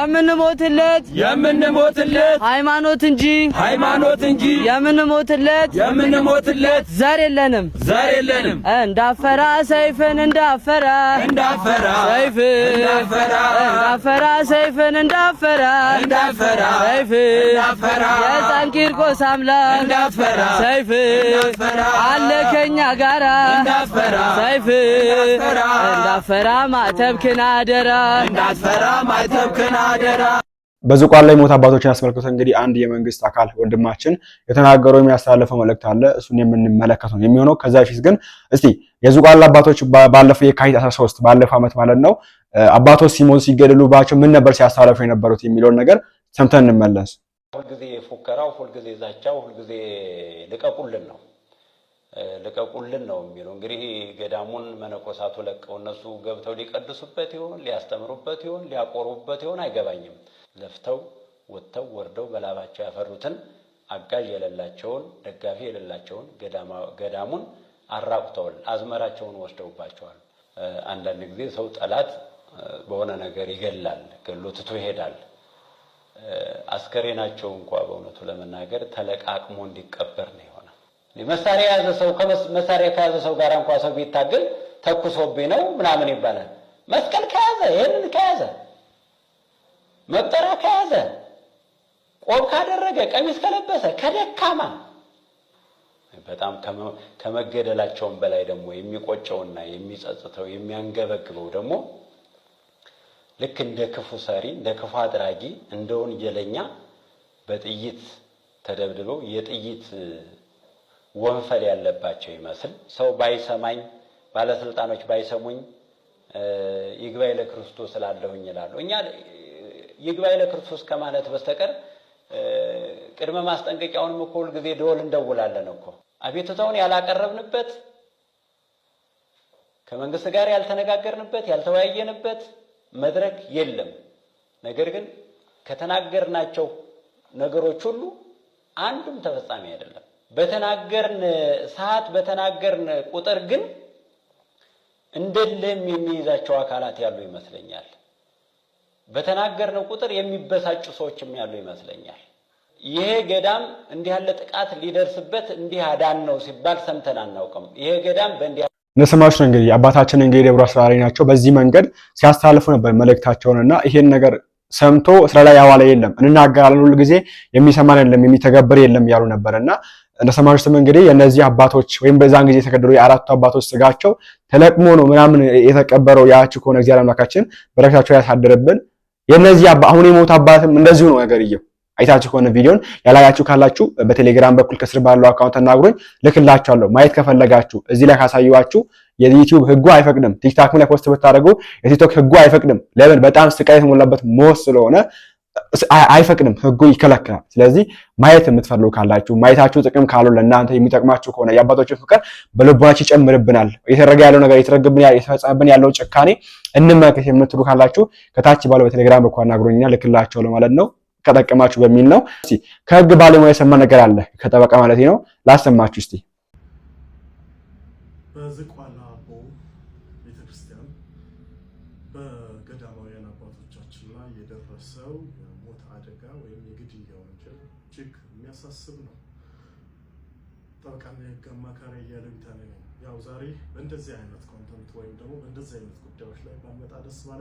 የምንሞትለት የምንሞትለት ሃይማኖት እንጂ ሃይማኖት እንጂ የምንሞትለት የምንሞትለት ዘር የለንም ዘር የለንም። እንዳፈራ ሰይፍን እንዳፈራ እንዳፈራ ሰይፍን እንዳፈራ እንዳፈራ ሰይፍን እንዳፈራ እንዳፈራ ሰይፍን እንዳፈራ የሕፃን ቂርቆስ አምላክ እንዳፈራ ሰይፍን አለ ከኛ ጋራ እንዳፈራ ሰይፍን እንዳፈራ ማተብክን አደራ እንዳፈራ ማተብክን አደራ በዝቋላ ላይ ሞት አባቶችን አስመልክቶ እንግዲህ አንድ የመንግስት አካል ወንድማችን የተናገረው የሚያስተላለፈው መልእክት አለ። እሱን የምንመለከት ነው የሚሆነው። ከዛ በፊት ግን እስቲ የዝቋላ አባቶች ባለፈው የካቲት 13 ባለፈው ዓመት ማለት ነው አባቶች ሲሞቱ ሲገደሉባቸው ምን ነበር ሲያስተላለፉ የነበሩት የሚለውን ነገር ሰምተን እንመለስ። ሁልጊዜ ፉከራው፣ ሁልጊዜ ዛቻው፣ ሁልጊዜ ልቀቁልን ነው ልቀቁልን ነው የሚለው። እንግዲህ ገዳሙን መነኮሳቱ ለቀው እነሱ ገብተው ሊቀድሱበት ይሆን ሊያስተምሩበት ይሆን ሊያቆርቡበት ይሆን አይገባኝም። ለፍተው ወጥተው ወርደው በላባቸው ያፈሩትን አጋዥ የሌላቸውን ደጋፊ የሌላቸውን ገዳሙን አራቁተዋል። አዝመራቸውን ወስደውባቸዋል። አንዳንድ ጊዜ ሰው ጠላት በሆነ ነገር ይገላል፣ ገሎ ትቶ ይሄዳል። አስከሬናቸው እንኳ በእውነቱ ለመናገር ተለቃቅሞ እንዲቀበር ነው መሳሪያ የያዘ ሰው መሳሪያ ከያዘ ሰው ጋር እንኳ ሰው ቢታገል ተኩሶብኝ ነው ምናምን ይባላል። መስቀል ከያዘ ይህንን ከያዘ መቁጠሪያ ከያዘ ቆብ ካደረገ ቀሚስ ከለበሰ ከደካማ በጣም ከመገደላቸውም በላይ ደግሞ የሚቆጨውና የሚጸጽተው የሚያንገበግበው ደግሞ ልክ እንደ ክፉ ሰሪ እንደ ክፉ አድራጊ እንደ ወንጀለኛ በጥይት ተደብድበው የጥይት ወንፈል ያለባቸው ይመስል ሰው ባይሰማኝ ባለስልጣኖች ባይሰሙኝ ይግባይ ለክርስቶስ እላለሁኝ ይላሉ። እኛ ይግባይ ለክርስቶስ ከማለት በስተቀር ቅድመ ማስጠንቀቂያውንም እኮ ሁልጊዜ ደወል እንደውላለን እኮ አቤቱታውን ያላቀረብንበት ከመንግስት ጋር ያልተነጋገርንበት ያልተወያየንበት መድረክ የለም። ነገር ግን ከተናገርናቸው ነገሮች ሁሉ አንዱም ተፈጻሚ አይደለም። በተናገርን ሰዓት በተናገርን ቁጥር ግን እንደለም የሚይዛቸው አካላት ያሉ ይመስለኛል። በተናገርን ቁጥር የሚበሳጩ ሰዎችም ያሉ ይመስለኛል። ይሄ ገዳም እንዲህ ያለ ጥቃት ሊደርስበት እንዲህ አዳን ነው ሲባል ሰምተን አናውቅም። ይሄ ገዳም በእንዲህ እንደሰማችሁ ነው እንግዲህ አባታችን እንግዲህ ደብሩ አስራሪ ናቸው። በዚህ መንገድ ሲያስተላልፉ ነበር እና ይሄን ነገር ሰምቶ ስራ ላይ ያዋለ የለም፣ እንናገራለን ሁሉ ጊዜ የሚሰማን የለም፣ የሚተገብር የለም እያሉ ነበር እና እንደሰማችሁ እንግዲህ የእነዚህ አባቶች ወይም በዛን ጊዜ የተገደሉ የአራቱ አባቶች ስጋቸው ተለቅሞ ነው ምናምን የተቀበረው። ያችሁ ከሆነ እግዚአብሔር አምላካችን በረከታቸው ያሳደረብን። የእነዚህ አሁን የሞቱ አባትም እንደዚሁ ነው ነገርየው። አይታችሁ ከሆነ ቪዲዮን ያላያችሁ ካላችሁ በቴሌግራም በኩል ከስር ባለው አካውንት ተናግሮኝ ልክላችኋለሁ። ማየት ከፈለጋችሁ እዚህ ላይ ካሳየኋችሁ የዩቲዩብ ህጉ አይፈቅድም። ቲክታክም ላይ ፖስት ብታደርጉ የቲክቶክ ህጉ አይፈቅድም። ለምን? በጣም ስቃይ የተሞላበት ሞት ስለሆነ አይፈቅድም፣ ህጉ ይከለክላል። ስለዚህ ማየት የምትፈልጉ ካላችሁ ማየታችሁ ጥቅም ካሉ ለእናንተ የሚጠቅማችሁ ከሆነ የአባቶችን ፍቅር በልቦናችሁ ይጨምርብናል፣ የተረገ ያለው ነገር እየተፈጸመብን ያለው ጭካኔ እንመለከት የምትሉ ካላችሁ ከታች ባለው በቴሌግራም በኩል አናግሩኝና ልክላቸው ለማለት ነው ከጠቀማችሁ በሚል ነው። ከህግ ባለሙያ የሰማ ነገር አለ ከጠበቃ ማለት ነው ላሰማችሁ እስቲ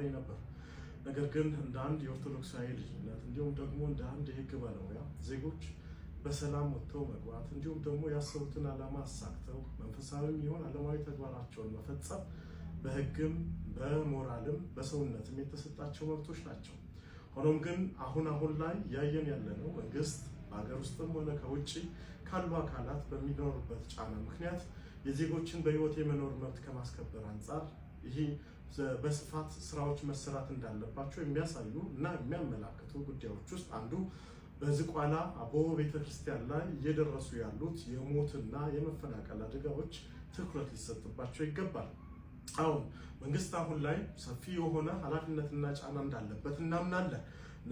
ላይ ነበር። ነገር ግን እንደ አንድ የኦርቶዶክሳዊ ልጅነት እንዲሁም ደግሞ እንደ አንድ የህግ ባለሙያ ዜጎች በሰላም ወጥተው መግባት እንዲሁም ደግሞ ያሰቡትን ዓላማ አሳክተው መንፈሳዊም ይሆን ዓለማዊ ተግባራቸውን መፈጸም በህግም በሞራልም በሰውነትም የተሰጣቸው መብቶች ናቸው። ሆኖም ግን አሁን አሁን ላይ እያየን ያለነው መንግስት በሀገር ውስጥም ሆነ ከውጭ ካሉ አካላት በሚኖሩበት ጫና ምክንያት የዜጎችን በህይወት የመኖር መብት ከማስከበር አንጻር ይህ በስፋት ስራዎች መሰራት እንዳለባቸው የሚያሳዩ እና የሚያመላክቱ ጉዳዮች ውስጥ አንዱ በዝቋላ አቦ ቤተክርስቲያን ላይ እየደረሱ ያሉት የሞትና የመፈናቀል አደጋዎች ትኩረት ሊሰጥባቸው ይገባል። አሁን መንግስት አሁን ላይ ሰፊ የሆነ ኃላፊነትና ጫና እንዳለበት እናምናለን።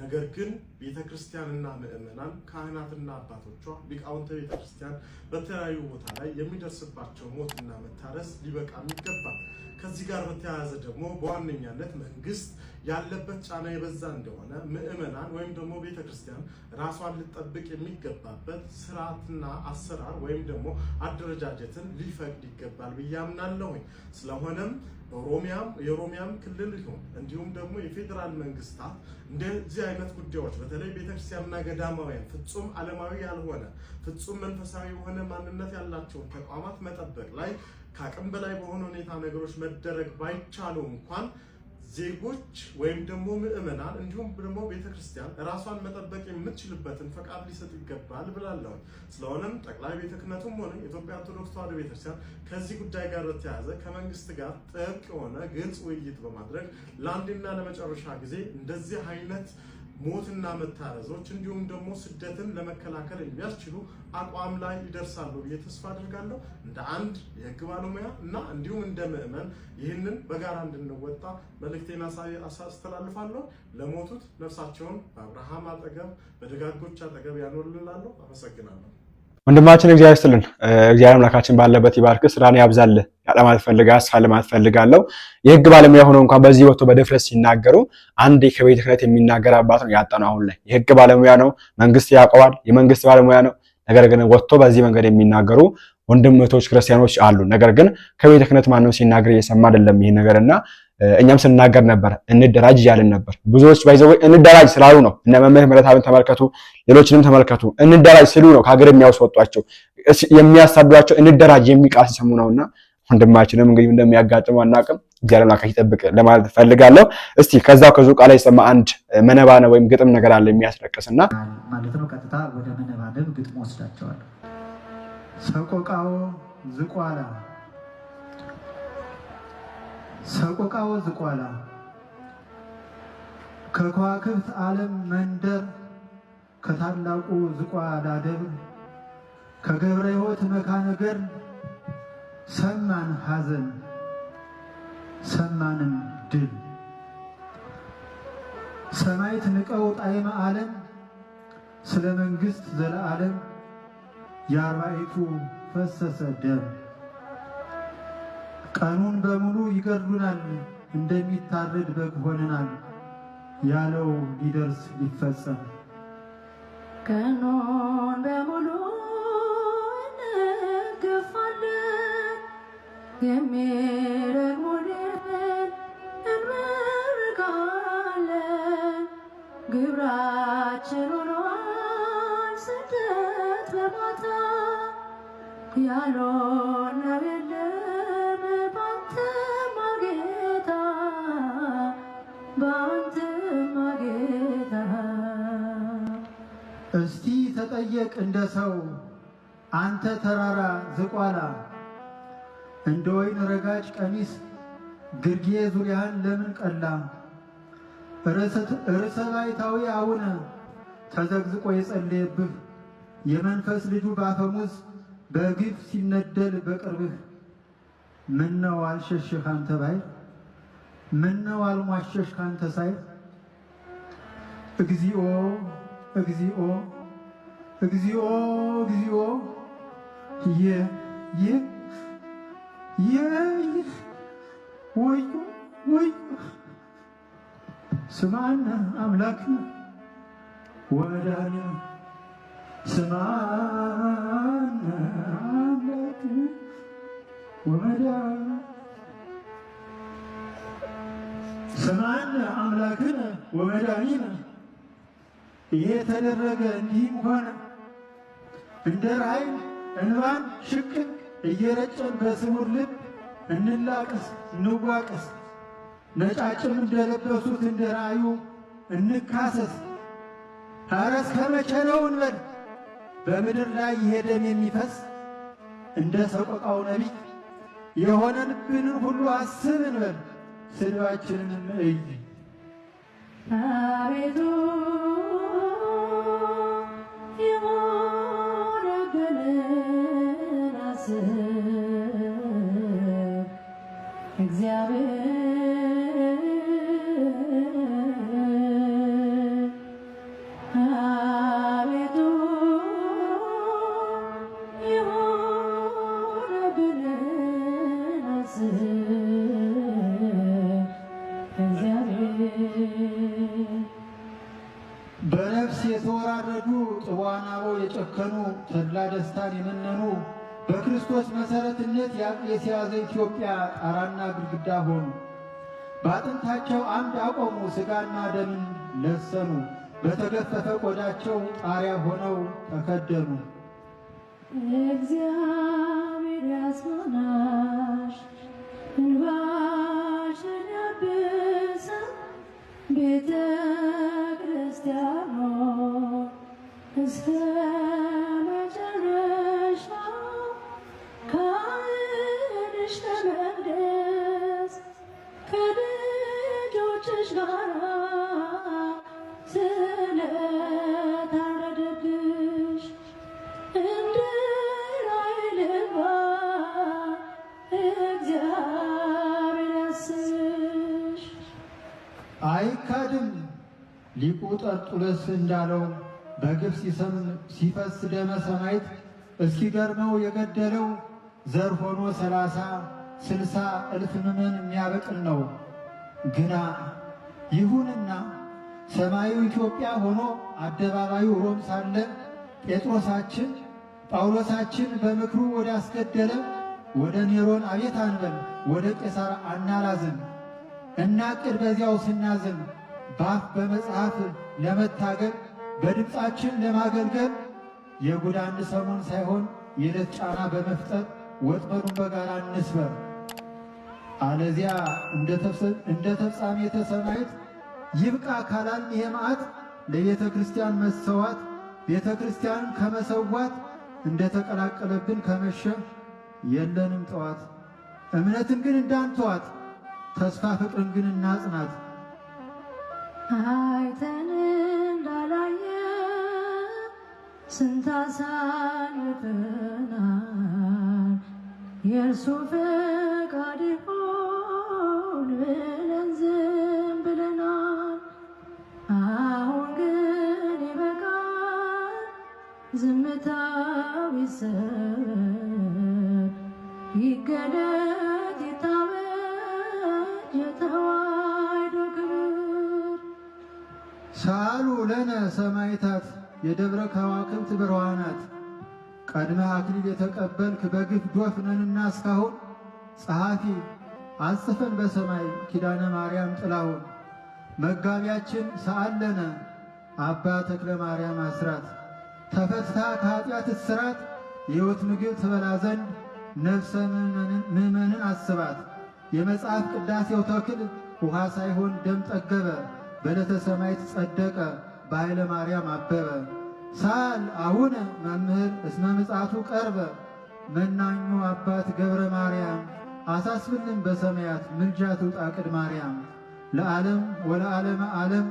ነገር ግን ቤተክርስቲያንና ምዕመናን፣ ካህናትና አባቶቿ፣ ሊቃውንተ ቤተክርስቲያን በተለያዩ ቦታ ላይ የሚደርስባቸው ሞትና መታረስ ሊበቃም ይገባል። ከዚህ ጋር በተያያዘ ደግሞ በዋነኛነት መንግስት ያለበት ጫና የበዛ እንደሆነ ምዕመናን ወይም ደግሞ ቤተክርስቲያን ራሷን ልጠብቅ የሚገባበት ስርዓትና አሰራር ወይም ደግሞ አደረጃጀትን ሊፈቅድ ይገባል ብዬ አምናለሁኝ። ስለሆነም ኦሮሚያም የኦሮሚያም ክልል ይሁን እንዲሁም ደግሞ የፌዴራል መንግስታት እንደዚህ አይነት ጉዳዮች በተለይ ቤተክርስቲያንና ገዳማውያን ፍጹም ዓለማዊ ያልሆነ ፍጹም መንፈሳዊ የሆነ ማንነት ያላቸውን ተቋማት መጠበቅ ላይ ከአቅም በላይ በሆነ ሁኔታ ነገሮች መደረግ ባይቻሉ እንኳን ዜጎች ወይም ደግሞ ምዕመናን እንዲሁም ደግሞ ቤተክርስቲያን ራሷን መጠበቅ የምትችልበትን ፈቃድ ሊሰጥ ይገባል ብላለሁ። ስለሆነም ጠቅላይ ቤተ ክህነቱም ሆነ የኢትዮጵያ ኦርቶዶክስ ተዋሕዶ ቤተክርስቲያን ከዚህ ጉዳይ ጋር በተያያዘ ከመንግስት ጋር ጥብቅ የሆነ ግልጽ ውይይት በማድረግ ለአንድና ለመጨረሻ ጊዜ እንደዚህ አይነት ሞትና መታረዞች እንዲሁም ደግሞ ስደትን ለመከላከል የሚያስችሉ አቋም ላይ ይደርሳሉ ብዬ ተስፋ አድርጋለሁ። እንደ አንድ የህግ ባለሙያ እና እንዲሁም እንደ ምዕመን ይህንን በጋራ እንድንወጣ መልእክቴን አስተላልፋለሁ። ለሞቱት ነፍሳቸውን በአብርሃም አጠገብ፣ በደጋጎች አጠገብ ያኖርልላለሁ። አመሰግናለሁ። ወንድማችን እግዚአብሔር ይስጥልን። እግዚአብሔር አምላካችን ባለበት ይባርክ፣ ስራን ያብዛል። ያለማት ፈልጋ ሳለማት ፈልጋለሁ። የህግ ባለሙያ ሆነው እንኳን በዚህ ወጥቶ በድፍረት ሲናገሩ አንድ ከቤተ ክህነት የሚናገር አባት ነው ያጣነው። አሁን ላይ የህግ ባለሙያ ነው፣ መንግስት ያውቀዋል፣ የመንግስት ባለሙያ ነው። ነገር ግን ወጥቶ በዚህ መንገድ የሚናገሩ ወንድም እህቶች ክርስቲያኖች አሉ። ነገር ግን ከቤተ ክህነት ማንም ሲናገር እየሰማ አይደለም ይሄ ነገርና እኛም ስንናገር ነበር፣ እንደራጅ እያልን ነበር። ብዙዎች ባይዘው እንደራጅ ስላሉ ነው። እነ መምህር ምህረተአብን ተመልከቱ፣ ሌሎችንም ተመልከቱ። እንደራጅ ስሉ ነው ከሀገር የሚያስወጧቸው የሚያሳዷቸው፣ እንደራጅ የሚቃስ ሲሰሙ ነውና ወንድማችንም እንግዲህ እንደሚያጋጥመው አናውቅም። እግዚአብሔር አምላክ ይጠብቅ ለማለት ፈልጋለሁ። እስቲ ከዛው ከዙ ቃል ላይ የሰማ አንድ መነባነብ ወይም ግጥም ነገር አለ የሚያስለቅስና ማለት ነው። ቀጥታ ወደ መነባነብ ግጥም ወስዳቸዋል። ሰቆቃው ዝቋላ ሰቆቃወ ዝቋላ ከከዋክብት ዓለም መንደር ከታላቁ ዝቋላ ደብር ከገብረ ሕይወት መካነ ገድል ሰማን ሐዘን ሰማንም ድል ሰማይት ንቀው ጣይመ ዓለም ስለ መንግሥት ዘለዓለም የአርባዕቱ ፈሰሰ ደም ቀኑን በሙሉ ይገድሉናል፣ እንደሚታረድ በግ ሆነናል ያለው ሊደርስ ሊፈጸም ቀኑን በሙሉ እንገፋለን የሚረግሙንን እንመርቃለን ግብራችን ሆኗል ስደት በማታ ያለው ነው የለም ትልቅ እንደ ሰው አንተ ተራራ ዝቋላ እንደ ወይን ረጋጭ ቀሚስ ግርጌ ዙሪያን ለምን ቀላ? ርዕሰ ባይታዊ አቡነ ተዘግዝቆ የጸለየብህ የመንፈስ ልጁ ባፈሙዝ በግፍ ሲነደል በቅርብህ ምነው አልሸሽህ አንተ ባይ ምነው አልሟሸሽ ካንተ ሳይ እግዚኦ እግዚኦ እግዚኦ እግዚኦ የ የ የ ወዮ ወዮ ስማነ አምላክ ወዳነ ስማነ አምላክ ወዳነ ስማነ አምላክነ ወመዳኒነ የተደረገ ተደረገ እንዲህም ሆነ እንደ ራእይን እንባን ሽቅን እየረጨን በስውር ልብ እንላቅስ እንዋቅስ ነጫጭም እንደለበሱት እንደ ራዩ እንካሰስ። ታረስ እስከ መቼ ነው እንበል በምድር ላይ ይሄ ደም የሚፈስ እንደ ሰቆቃው ነቢይ ልብንን ሁሉ አስብ እንበል ስድባችንን እይ አቤቱ በነፍስ የተወራረዱ ጽዋናቦ የጨከኑ ተድላ ደስታን የምና ክርስቶስ መሠረትነት የተያዘ ኢትዮጵያ ጣራና ግድግዳ ሆኑ። በአጥንታቸው አንድ አቆሙ፣ ሥጋና ደምን ለሰኑ። በተገፈፈ ቆዳቸው ጣሪያ ሆነው ተከደኑ። እግዚአብሔር ያጽናናሽ እንባሽን ቤተ ክርስቲያኖ ጳውሎስ እንዳለው በግፍ ሲፈስ ደመ ሰማይት እስኪገርመው የገደለው ዘር ሆኖ ሰላሳ ስልሳ እልፍ ምምን የሚያበቅል ነው። ግና ይሁንና ሰማዩ ኢትዮጵያ ሆኖ አደባባዩ ሮም ሳለ ጴጥሮሳችን ጳውሎሳችን በምክሩ ወደ አስገደለ ወደ ኔሮን አቤት አንበል፣ ወደ ቄሳር አናላዝን። እናቅድ በዚያው ስናዝን ባፍ በመጽሐፍ ለመታገል በድምፃችን ለማገልገል የጉዳን ሰሞን ሳይሆን የዕለት ጫና በመፍጠር ወጥመዱን በጋራ እንስበር። አለዚያ እንደ ተፍጻሜተ ሰማዕት ይብቃ ካላል ይሄ መዓት ለቤተ ክርስቲያን መሰዋት ቤተ ክርስቲያንን ከመሰዋት እንደተቀላቀለብን ከመሸ የለንም ጠዋት። እምነትን ግን እንዳንተዋት፣ ተስፋ ፍቅርን ግን እናጽናት። ስንት አሳልፈናል የእርሱ ፈቃድ ይሁን ብለን ዝም ብለናል። አሁን ግን ይበቃል ዝምታው ይሰበር ይገለጥ ይታወጅ የተዋሕዶ ክብር ሳሉ ለነ ሰማዕታት የደብረ ከዋክብት ብርሃናት ቀድመህ አክሊል የተቀበልክ በግፍ ዶፍነንና እስካሁን ጸሐፊ አጽፈን በሰማይ ኪዳነ ማርያም ጥላሁን መጋቢያችን ሰአለነ አባ ተክለ ማርያም አስራት ተፈትታ ከኃጢአት እስራት የሕይወት ምግብ ትበላ ዘንድ ነፍሰ ምእመንን አስባት። የመጽሐፍ ቅዳሴው ተክል ውሃ ሳይሆን ደም ጠገበ፣ በለተ ሰማይ ተጸደቀ በኃይለ ማርያም አበበ ሳል አቡነ መምህር እስመ ምጽአቱ ቀርበ መናኙ አባት ገብረ ማርያም አሳስብልን በሰማያት ምልጃ ትውጣ ቅድ ማርያም ለዓለም ወለዓለመ ዓለም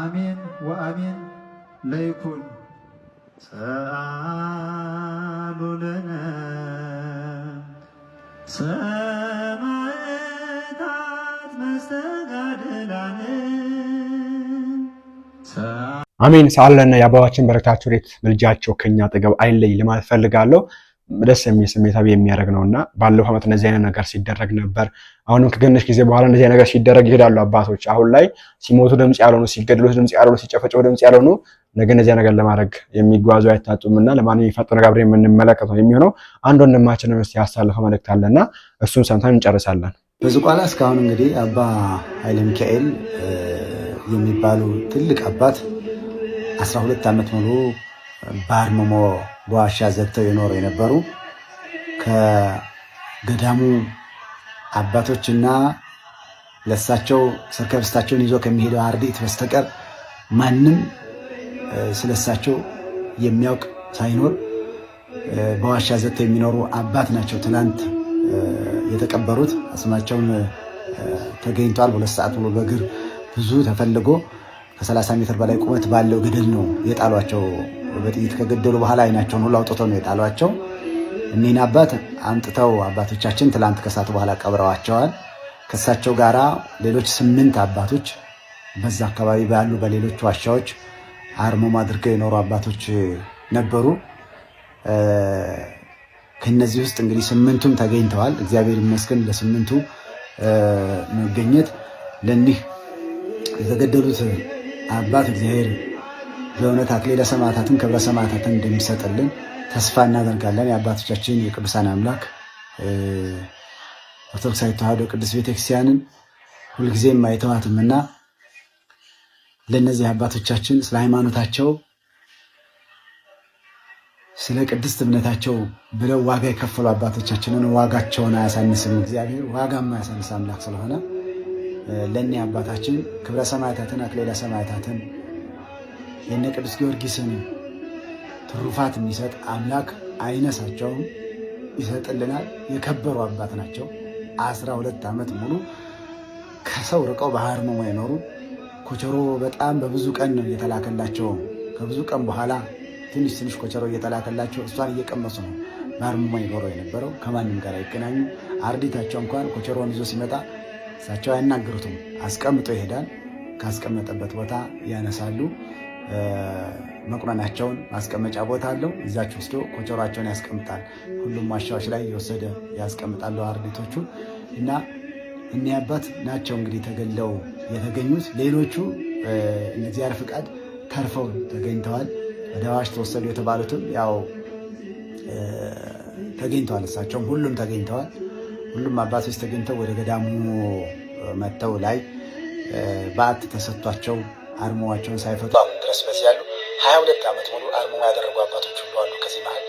አሜን ወአሜን ለይኩን ሰአሉ ሰማዕታት መስተጋድላን አሜን። ሰአለነ የአባባችን በረከታቸው ሬት ምልጃቸው ከኛ አጠገብ አይለይ ለማለት ፈልጋለሁ። ደስ የሚል ስሜታዊ የሚያደርግ ነው እና ባለፈው ዓመት እንደዚህ አይነት ነገር ሲደረግ ነበር። አሁንም ከገነሽ ጊዜ በኋላ እንደዚህ ነገር ሲደረግ ይሄዳሉ አባቶች። አሁን ላይ ሲሞቱ ድምፅ ያልሆኑ፣ ሲገድሉት ድምፅ ያልሆኑ፣ ሲጨፈጨፉ ድምፅ ያልሆኑ ነገ እንደዚህ ነገር ለማድረግ የሚጓዙ አይታጡም እና ለማንኛውም የፈጠነ ጋብሬ ነው የሚሆነው አንድ ወንድማችን ስ ያሳለፈው መልእክት አለና እሱን ሰምተን እንጨርሳለን። በዝቋላ እስካሁን እንግዲህ አባ ኃይለ ሚካኤል የሚባሉ ትልቅ አባት 12 ዓመት ሙሉ በአርምሞ በዋሻ ዘግተው የኖሩ የነበሩ ከገዳሙ አባቶችና ለሳቸው ስርከ ኅብስታቸውን ይዞ ከሚሄደው አርድእት በስተቀር ማንም ስለሳቸው የሚያውቅ ሳይኖር በዋሻ ዘግተው የሚኖሩ አባት ናቸው። ትናንት የተቀበሩት ስማቸውን ተገኝቷል። ሁለት ሰዓት ብሎ በእግር ብዙ ተፈልጎ ከ30 ሜትር በላይ ቁመት ባለው ገደል ነው የጣሏቸው። በጥይት ከገደሉ በኋላ አይናቸውን ሁሉ አውጥተው ነው የጣሏቸው። እኒህን አባት አምጥተው አባቶቻችን ትላንት ከሳቱ በኋላ ቀብረዋቸዋል። ከእሳቸው ጋራ ሌሎች ስምንት አባቶች በዛ አካባቢ ባሉ በሌሎች ዋሻዎች አርሞ አድርገው የኖሩ አባቶች ነበሩ። ከነዚህ ውስጥ እንግዲህ ስምንቱም ተገኝተዋል። እግዚአብሔር ይመስገን ለስምንቱ መገኘት ለኒህ የተገደሉት አባት እግዚአብሔር በእውነት አክሊለ ሰማዕታትን ክብረ ሰማዕታትን እንደሚሰጥልን ተስፋ እናደርጋለን። የአባቶቻችን የቅዱሳን አምላክ ኦርቶዶክሳዊ ተዋህዶ ቅዱስ ቤተክርስቲያንን ሁልጊዜም አይተዋትምና ለእነዚህ አባቶቻችን ስለ ሃይማኖታቸው ስለ ቅድስት እምነታቸው ብለው ዋጋ የከፈሉ አባቶቻችንን ዋጋቸውን አያሳንስም። እግዚአብሔር ዋጋም አያሳንስ አምላክ ስለሆነ ለእኔ አባታችን ክብረ ሰማዕታትን አክሊለ ሰማዕታትን የነ ቅዱስ ጊዮርጊስን ትሩፋት የሚሰጥ አምላክ አይነሳቸውም፣ ይሰጥልናል። የከበሩ አባት ናቸው። አስራ ሁለት ዓመት ሙሉ ከሰው ርቀው ባህር መሞ የኖሩ ኮቸሮ በጣም በብዙ ቀን ነው እየተላከላቸው። ከብዙ ቀን በኋላ ትንሽ ትንሽ ኮቸሮ እየተላከላቸው እሷን እየቀመሱ ነው ባህር መሞ የኖረው የነበረው። ከማንም ጋር አይገናኙ። አርዲታቸው እንኳን ኮቸሮን ይዞ ሲመጣ እሳቸው አያናግሩትም። አስቀምጦ ይሄዳል። ካስቀመጠበት ቦታ ያነሳሉ። መቁነናቸውን ማስቀመጫ ቦታ አለው። እዛች ወስዶ ኮቸሯቸውን ያስቀምጣል። ሁሉም ማሻዎች ላይ የወሰደ ያስቀምጣሉ አርቢቶቹ እና እኒህ አባት ናቸው እንግዲህ ተገለው የተገኙት። ሌሎቹ እግዚአብሔር ፍቃድ ተርፈው ተገኝተዋል። ወደ አዋሽ ተወሰዱ የተባሉትም ያው ተገኝተዋል። እሳቸውም ሁሉም ተገኝተዋል። ሁሉም አባቶች ተገኝተው ወደ ገዳሙ መጥተው ላይ በዓት ተሰጥቷቸው አርመዋቸውን ሳይፈቱ አሁን ድረስ በዚህ ያሉ ሀያ ሁለት ዓመት ሙሉ አርሞ ያደረጉ አባቶች ሁሉ አሉ። ከዚህ መሀል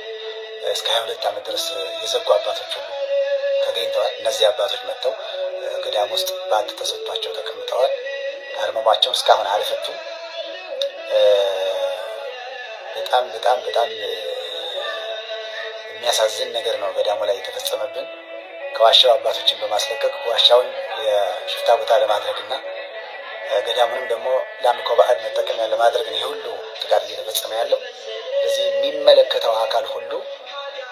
እስከ ሀያ ሁለት ዓመት ድረስ የዘጉ አባቶች ሁሉ ተገኝተዋል። እነዚህ አባቶች መጥተው ገዳም ውስጥ በዓት ተሰጥቷቸው ተቀምጠዋል። አርመማቸውን እስካሁን አልፈቱም። በጣም በጣም በጣም የሚያሳዝን ነገር ነው ገዳሙ ላይ የተፈጸመብን። ከዋሻው አባቶችን በማስለቀቅ ዋሻውን የሽፍታ ቦታ ለማድረግ እና ገዳሙንም ደግሞ ለአምልኮ በዓል መጠቀሚያ ለማድረግ ነው ሁሉ ጥቃት እየተፈጸመ ያለው። ስለዚህ የሚመለከተው አካል ሁሉ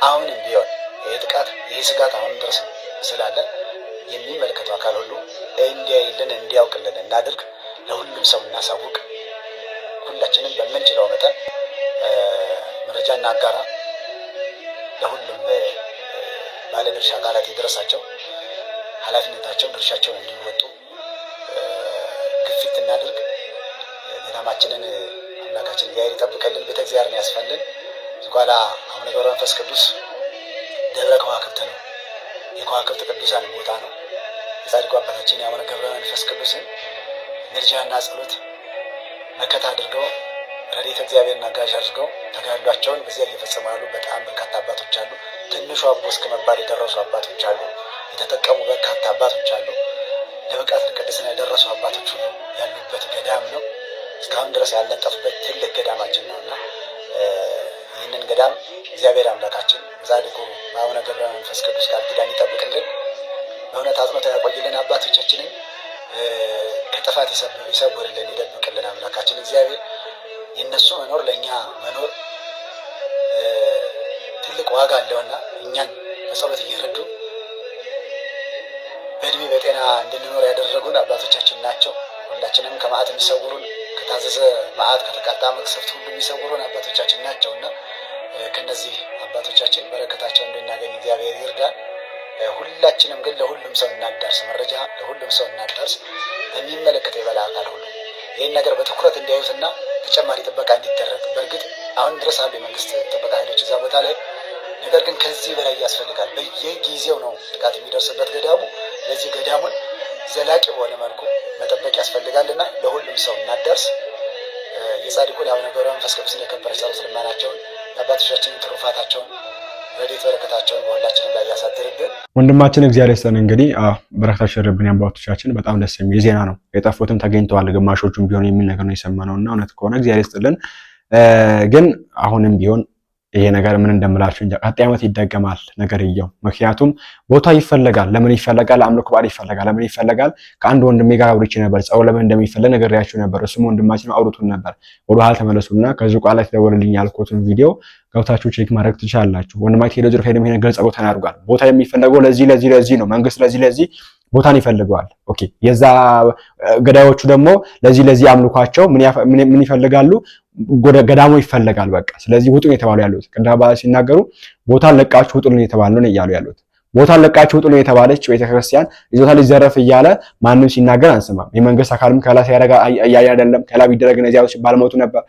አሁንም ቢሆን ይህ ጥቃት ይህ ስጋት አሁን ድረስ ስላለ የሚመለከተው አካል ሁሉ እንዲያይልን እንዲያውቅልን እናድርግ። ለሁሉም ሰው እናሳውቅ። ሁላችንም በምንችለው መጠን መረጃ እናጋራ። ለሁሉም ባለድርሻ አካላት የደረሳቸው ኃላፊነታቸው ድርሻቸውን እንዲወጡ ግፊት እናድርግ። ገዳማችንን አምላካችን እግዚአብሔር ይጠብቀልን። ቤተ እግዚአብሔር ያስፈልን። ዝቋላ አቡነ ገብረ መንፈስ ቅዱስ ደብረ ከዋክብት ነው፣ የከዋክብት ቅዱሳን ቦታ ነው። የጻድቁ አባታችን የአቡነ ገብረ መንፈስ ቅዱስን ምልጃና ጸሎት መከታ አድርገው ረድኤተ እግዚአብሔርን አጋዥ አድርገው ተጋድሏቸውን በዚያ እየፈጸሙ ያሉ በጣም በርካታ አባቶች አሉ። ትንሹ አቦ እስከ መባል የደረሱ አባቶች አሉ። የተጠቀሙ በርካታ አባቶች አሉ። ለብቃት ለቅድስና የደረሱ አባቶች ሁሉ ያሉበት ገዳም ነው። እስካሁን ድረስ ያለጠፉበት ትልቅ ገዳማችን ነው እና ይህንን ገዳም እግዚአብሔር አምላካችን ጻድቁ አቡነ ገብረ መንፈስ ቅዱስ ጋር ኪዳን ይጠብቅልን፣ በእውነት አጽንቶ ያቆይልን፣ አባቶቻችንን ከጥፋት ይሰውርልን፣ ይደብቅልን አምላካችን እግዚአብሔር የእነሱ መኖር ለእኛ መኖር ትልቅ ዋጋ አለውና እኛን በጸሎት እየረዱ በእድሜ በጤና እንድንኖር ያደረጉን አባቶቻችን ናቸው። ሁላችንም ከመዓት የሚሰውሩን ከታዘዘ መዓት ከተቃጣ መቅሰፍት ሁሉ የሚሰውሩን አባቶቻችን ናቸው እና ከነዚህ አባቶቻችን በረከታቸው እንድናገኝ እግዚአብሔር ይርዳል። ሁላችንም ግን ለሁሉም ሰው እናዳርስ፣ መረጃ ለሁሉም ሰው እናዳርስ። በሚመለከት የበላ አካል ሁሉ ይህን ነገር በትኩረት እንዲያዩትና ተጨማሪ ጥበቃ እንዲደረግ። በእርግጥ አሁን ድረስ አሉ የመንግስት ጥበቃ ኃይሎች እዛ ቦታ ላይ ነገር ግን ከዚህ በላይ ያስፈልጋል። በየጊዜው ነው ጥቃት የሚደርስበት ገዳሙ። ለዚህ ገዳሙን ዘላቂ በሆነ መልኩ መጠበቅ ያስፈልጋል እና ለሁሉም ሰው እናደርስ የጻድቁን የአቡነ ገብረ መንፈስ ቅዱስን የከበረ ጸሎተ ልመናቸውን የአባቶቻችንን ትሩፋታቸውን ወንድማችን እግዚአብሔር ይስጠን። እንግዲህ በረከታ ሸርብን አባቶቻችን በጣም ደስ የሚል ዜና ነው። የጠፉትም ተገኝተዋል፣ ግማሾቹም ቢሆን የሚል ነገር ነው የሰማነው እና እውነት ከሆነ እግዚአብሔር ይስጥልን። ግን አሁንም ቢሆን ይሄ ነገር ምን እንደምላችሁ እንጃ። ቀጣይ ዓመት ይደገማል ነገርየው። ምክንያቱም ቦታ ይፈለጋል። ለምን ይፈለጋል? አምልኮ በዓል ይፈለጋል። ለምን ይፈለጋል? ከአንድ ወንድሜ ጋር አውርቼ ነበር። ጸው ለምን እንደሚፈለግ ነግሬያችሁ ነበር። እሱም ወንድማችን አውርቱን ነበር። ወደ ኋላ ተመለሱና ከዚህ ቃል ላይ ተደወልልኝ ያልኩትን ቪዲዮ ገብታችሁ ቼክ ማድረግ ትችላላችሁ። ወንድማችን ሄዶ ዙር ከሄደ ገልጽ ቦታ ያድርጓል። ቦታ የሚፈለገው ለዚህ ለዚህ ለዚህ ነው። መንግስት ለዚህ ለዚህ ቦታን ይፈልገዋል። ኦኬ የዛ ገዳዮቹ ደግሞ ለዚህ ለዚህ አምልኳቸው ምን ይፈልጋሉ? ገዳሞ ይፈልጋል። በቃ ስለዚህ ውጡን የተባሉ ያሉት ቅዱስ አባት ሲናገሩ ቦታን ለቃችሁ ውጡልን የተባሉ ነው እያሉ ያሉት። ቦታን ለቃችሁ ነው የተባለች ቤተክርስቲያን ይዞታ ሊዘረፍ እያለ ማንም ሲናገር አንስማም። የመንግስት አካልም ከላ ሲያደረግ እያየ አይደለም ከላ ቢደረግ እነዚያ ባልሞቱ ነበር።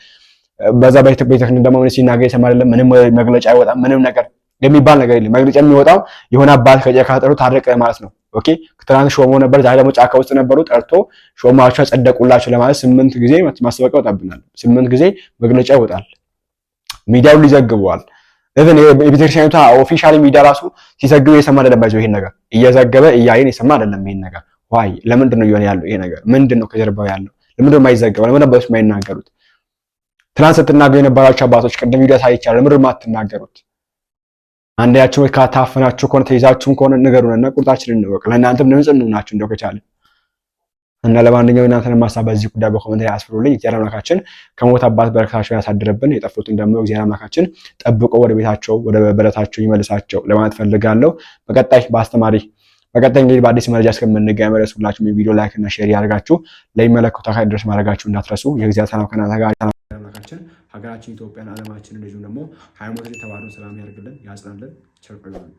በዛ ቤተክርስቲያን ደግሞ ምን ሲናገር የሰማ አይደለም። ምንም መግለጫ አይወጣም። ምንም ነገር የሚባል ነገር የለም። መግለጫ የሚወጣው የሆነ አባት ከጨካ ጠሩ ታረቀ ማለት ነው ኦኬ ትናንት ሾሞ ነበር፣ ዛሬ ደግሞ ጫካ ውስጥ ነበሩ። ጠርቶ ሾማቸው ጸደቁላቸው ለማለት ስምንት ጊዜ ማስታወቂያ ይወጣብናል። ስምንት ጊዜ መግለጫ ይወጣል። ሚዲያውን ሊዘግበዋል። እብን የቤተክርስቲያኒቷ ኦፊሻል ሚዲያ ራሱ ሲዘግብ የሰማ አይደለም። ይሄን ነገር እየዘገበ እያየን የሰማ አይደለም። ይሄን ነገር ዋይ ለምንድን ነው እየሆነ ያለው? ይሄ ነገር ምንድን ነው ከጀርባው ያለው? ለምንድን ነው የማይዘገበው? ለምንድን ነው የማይናገሩት? ትናንት ስትናገሩ የነበራቸው አባቶች ቅድም ቪዲዮ ታይቻለሁ። ለምንድን ነው የማትናገሩት? አንዳያችሁ ወይ ካታፈናችሁ ከሆነ ተይዛችሁም ከሆነ ንገሩንና ቁርጣችንን እንወቅ። ለእናንተም ንጽሕት እንሆናችሁ እንደው ከቻለ እና ለማንኛውም እናንተን ማሳብ በዚህ ጉዳይ በኮመንት ላይ አስፍሩልኝ። እግዚአብሔር አምላካችን ከሞት አባት በረከታቸው ያሳድርብን። የጠፉትን ደግሞ እግዚአብሔር አምላካችን ጠብቆ ወደ ቤታቸው ወደ በረታቸው ይመልሳቸው ለማለት ፈልጋለሁ። በቀጣይ በአስተማሪ በቀጣይ እንግዲህ በአዲስ መረጃ እስከምንገናኝ መረሱላችሁ የቪዲዮ ላይክ እና ሼር ያደርጋችሁ ለሚመለከቱ አካል ድረስ ማድረጋችሁ እንዳትረሱ። የእግዚአብሔር ሰላም ከእናንተ ጋር አምላካችን ሀገራችን ኢትዮጵያን፣ ዓለማችን እንደዚሁም ደግሞ ሃይማኖት የተባለውን ሰላም ያደርግልን፣ ያጽናልን፣ ቸርቆ ይሆናል።